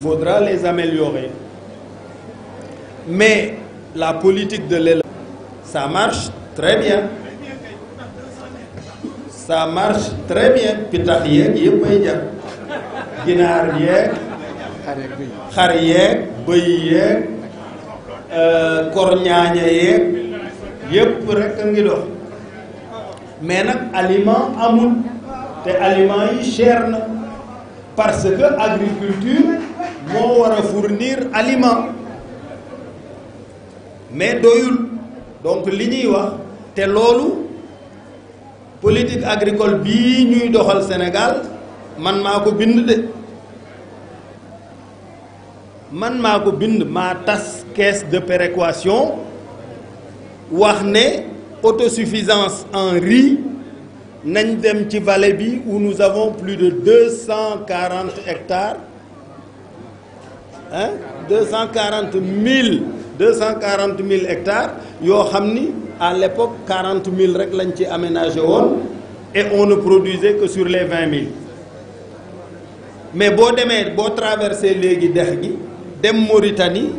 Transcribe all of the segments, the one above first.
faudra les améliorer. Mais la politique de l'élève, ça marche très bien. Ça marche très bien. pitax yeeg yëpp may ginaar yeeg xar yeeg bëy yeeg euh, korñaaña yeeg yëpp rek a ngi dox mais nag aliment amul te aliment yi cher na parce que agriculture moo war a fournir aliment mais doyul donc li ñuy wax te loolu politique agricole bii ñuy doxal Sénégal man maa ko bind de man maa ko bind maa tas caisse de péréquation wax ne autosuffisance en riz nañ dem ci vallée bi où nous avons plus de cent quarante hectares ah deux cent quarante mille deux cent quarante mille hectares yoo xam ni à l'époque quarante mille rek lañ ci aménagé woon et on ne produisait que sur les vingt mille mais boo demee boo traversé léegi dex gi dem Mauritanie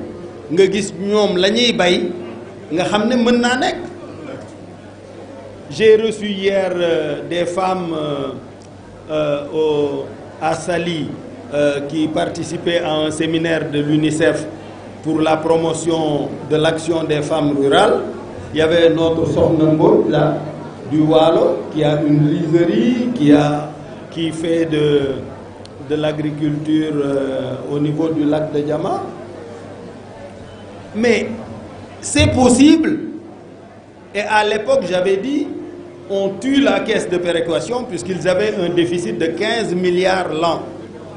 nga gis ñoom la ñuy bay nga xam ne mën naa nekk j'ai reçu hier euh, des femmes euh, euh, au à euh, qui participait à un séminaire de l'UNICEF pour la promotion de l'action des femmes rurales. Il y avait notre Sokhna Mbodj là, du Waalo, qui a une liserie, qui a, qui fait de, de l'agriculture euh, au niveau du lac de Diama. Mais c'est possible. Et à l'époque, j'avais dit, on tue la caisse de péréquation puisqu'ils avaient un déficit de 15 milliards l'an.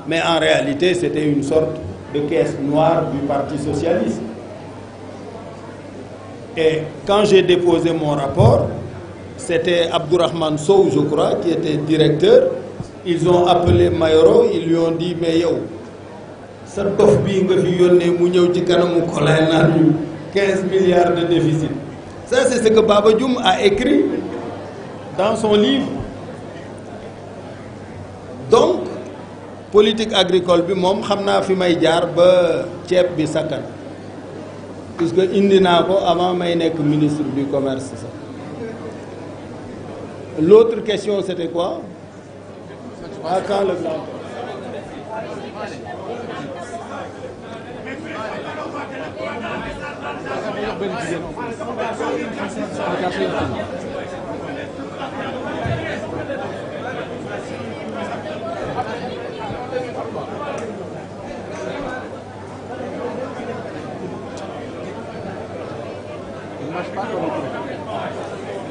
mais en réalité c'était une sorte de caisse noire du Parti socialiste. Et quand j'ai déposé mon rapport, c'était Abdourahmane Sow, je crois, qui était directeur. Ils ont appelé Mayoro, ils ont dit mais yow sa dof bi nga fi yónnee mu ñëw ci kanamu Collin naan ñu 15 milliards de déficit. Ça, c'est ce que Baba Dioum a écrit dans son livre. Donc, politique agricole bi moom xam naa fi may jaar ba ceeb bi sakkan puisque indi naa ko avant may nekk ministre du commerce sax l'autre question c'était quoi à ah, quand le plan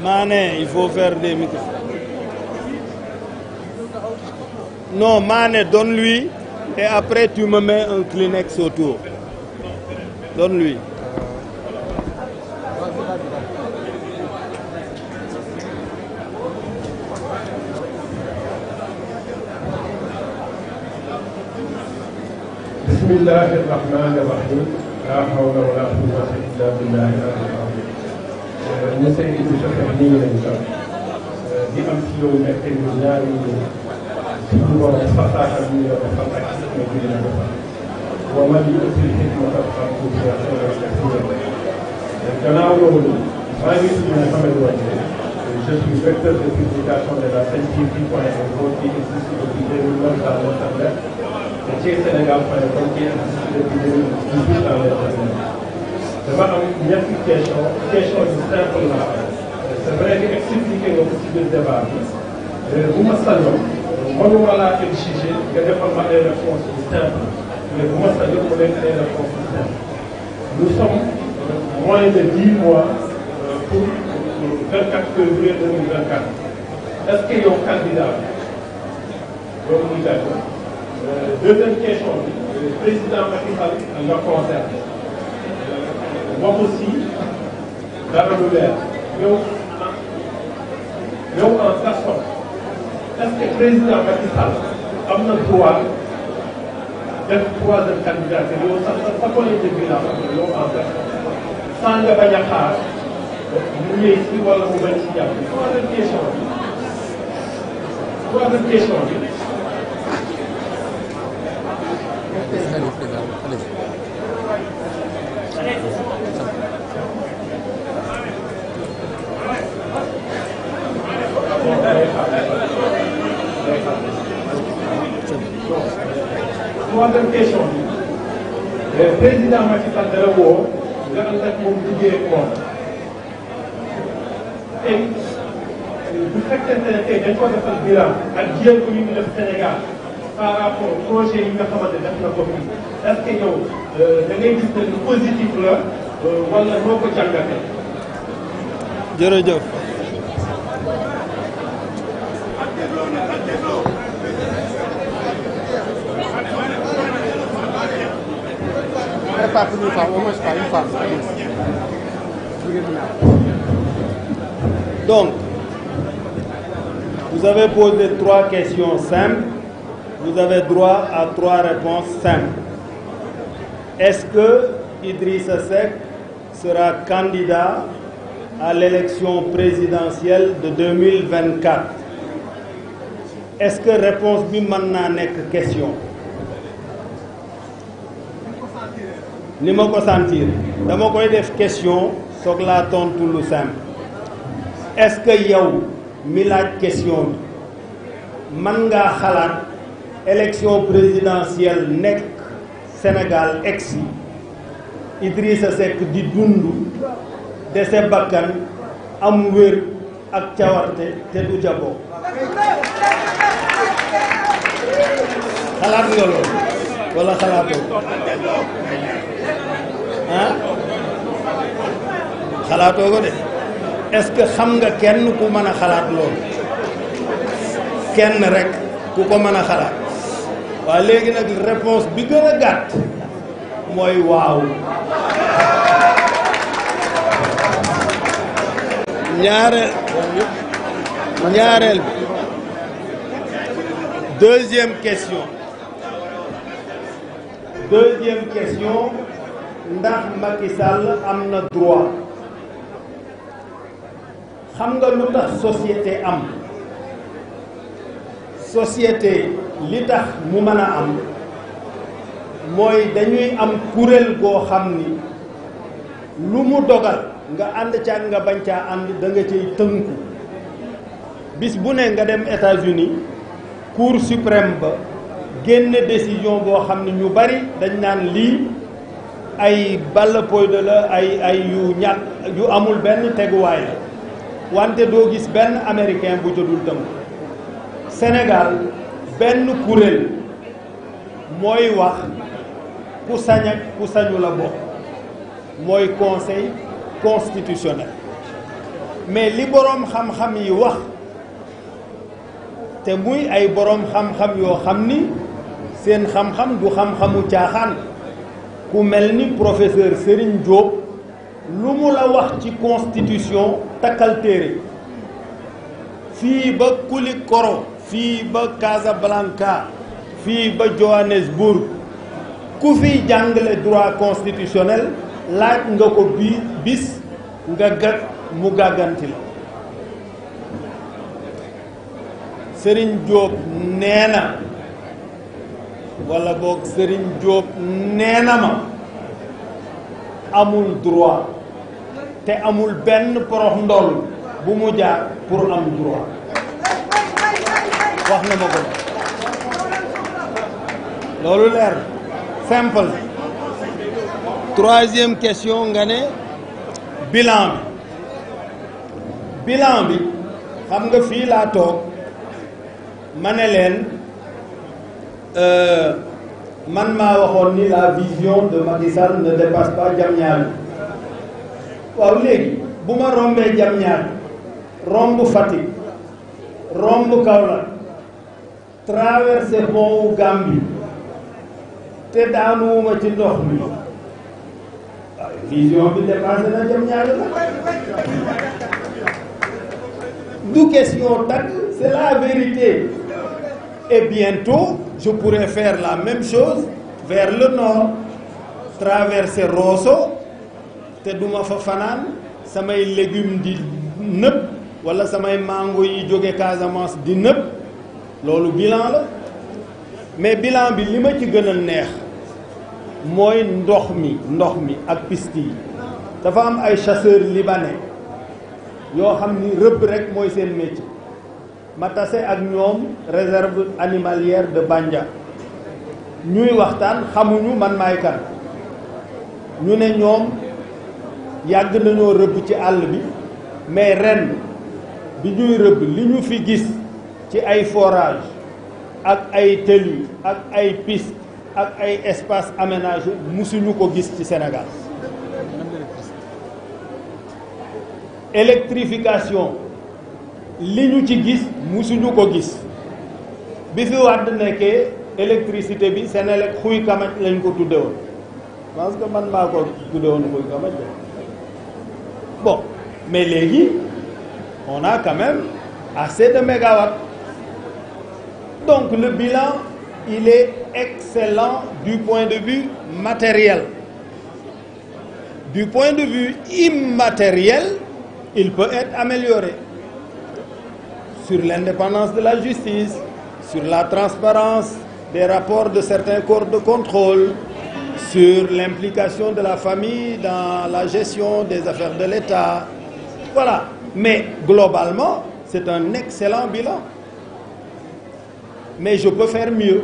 Mané il faut faire des micros non Mané donne-lui après tu me mets un Kleenex autour donne-lui bismillahir rahmanir rahim la hawla wala quwwata illa billah na seen émission def nii lañ ko di am ci yow mbégte bi ñaari suñu borom fasaa ak ñu yor xam ak ma ji na ko wa ma li aussi xikma ak xam ko ci gannaaw loolu maa ngi tudd na xamal wàññi je suis vecteur de publication de la Senctv.info qui existe depuis 2009 à l'Internet et Thiessénégal.com qui existe depuis 2018 à l'Internet dama am ñetti question question yu simple la c'est vrai que expliqué nga ko ci biir débat bi bu ma sañoon mënuma laa exiger nga defal ma ay réponses yu simple mais bu ma sañoon mu nekk ay réponses yu simple nous sommes moins de dix mois pour vingt quatre février deux mille vingt quatre est-ce que yow candidat bi loolu muy def deuxième question bi président Macky Sall la concerne waxu si dara lu leer ñëw ñëw en personne est-ce na droit def troisième candidature yow sax sax sa collègue de bilan ñëw en personne sans nga bañ a xaar mu yëy si wala mu bañ si jàpp troisième question bi wàllum question bi président Macky Sall dara woo nga ànd ak moom liggéey ak moom tey bu fekkente ne tey dañ ko defal bilan ak jéego yu ñu def Sénégal par rapport projet yi nga xamante def na ko fii est-ce que yow euh, da ngay gis la euh, wala noo ko jàngatee. jërëjëf. prépare pour Donc, vous avez posé trois questions simples. Vous avez droit à trois réponses simples. Est-ce que Idrissa Seck sera candidat à l'élection présidentielle de 2024 Est-ce que réponse bi mën naa nekk question ni ma ko sentir dama koy def question soog la tontu lu simple est-ce que yow mi laaj question bi man ngaa xalaat élection présidentielle nekk Sénégal ex Idrissa Seck di dund dese bakkan am wér ak cawarte te du ca bokk xalaat nga loolu wala xalaatoo ah xalaatoo ko de est-ce que xam nga kenn ku mën a xalaat loolu kenn rek ku ko mën a xalaat waaw léegi nag réponse bi gën a gàtt mooy waaw ñaareel ñaareel bi deuxième question ndax Macky Sall am na droit xam nga lu tax société am société li tax mu mën a am mooy dañuy am kuréel goo xam ni lu mu dogal nga ànd caag nga bañ caa ànd danga nga cay tënku bis bu ne nga dem États-Unis Cour suprême ba génn décision goo xam ne ñu bari dañ naan lii ay balla poy de la ay ay yu ñàkk yu amul benn teguwaay la wante doo gis benn américain bu jodul tënk Sénégal benn kuréel mooy wax ku sañ ak ku sañu la bokk mooy conseil constitutionnel mais li boroom xam-xam yi wax te muy ay boroom xam-xam yoo xam ni seen xam-xam du xam-xamu caaxaan ku mel ni professeur Serigne Diop lu mu la wax ci constitution takkal téere fii ba Koulikoro fii ba Casablanca fii ba Johannesburg ku fi jàngale droit constitutionnel laaj nga ko bi bis nga gàtt mu gàgganti la Serigne Diop nee na wala boog sëriñ Jóob nee na ma amul droit te amul benn porox ndoll bu mu jaar pour am droit wax na ma ko loolu leer simple troisième question nga ne bilan bi bilan bi xam nga fii laa toog ma ne leen Euh, man maa waxoon ni la vision de Macky ne dépasse pas Diamniadio waaw léegi bu ma rombee Diamniadio romb Fatick romb Kaolack traversé pont wu te daanuwuma ci ndox mi waaye vision bi dépassé na Diamniadio la du question tag c'est la vérité et je pourrais fair la même chose vers le nord traverser Rosso te duma fa fanaan samay légumes di nëb wala samay màngo yi jóge Casamance di nëb loolu bilan la mais billan bi li ma ci gën a neex mooy ndox mi ndox mi ak piste dafa am ay chasseurs libanais yoo xam ni rëbb rek mooy seen métier ma tase ak ñoom réserve animalière de banja ñuy waxtaan xamuñu man maay kan ñu ne ñoom yàgg nañoo rëbb ci àll bi mais ren bi ñuy rëbb li ñu fi gis ci ay forage ak ay tëli ak ay piste ak ay espace aménagé musuñu ko gis ci Sénégal électrification li ñu ci gis musuñu ko gis bi fi Wàdd nekkee électricité bi Senelec xuy kamaj lañ ko tudde woon parce que man maa ko tudde woon xuy kamaj bon mais léegi on a quand même assez de mégawatts donc le bilan il est excellent du point de vue matériel du point de vue immatériel il peut être amélioré sur l'indépendance de la justice, sur la transparence des rapports de certains corps de contrôle, sur l'implication de la famille dans la gestion des affaires de l'État. Voilà. Mais globalement, c'est un excellent bilan. Mais je peux faire mieux.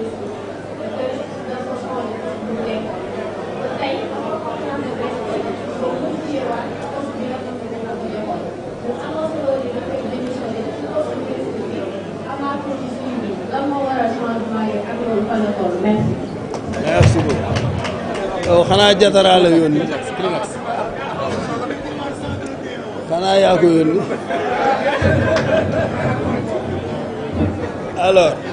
xanaa jatara la yónni xanaa yaa ko yónni alors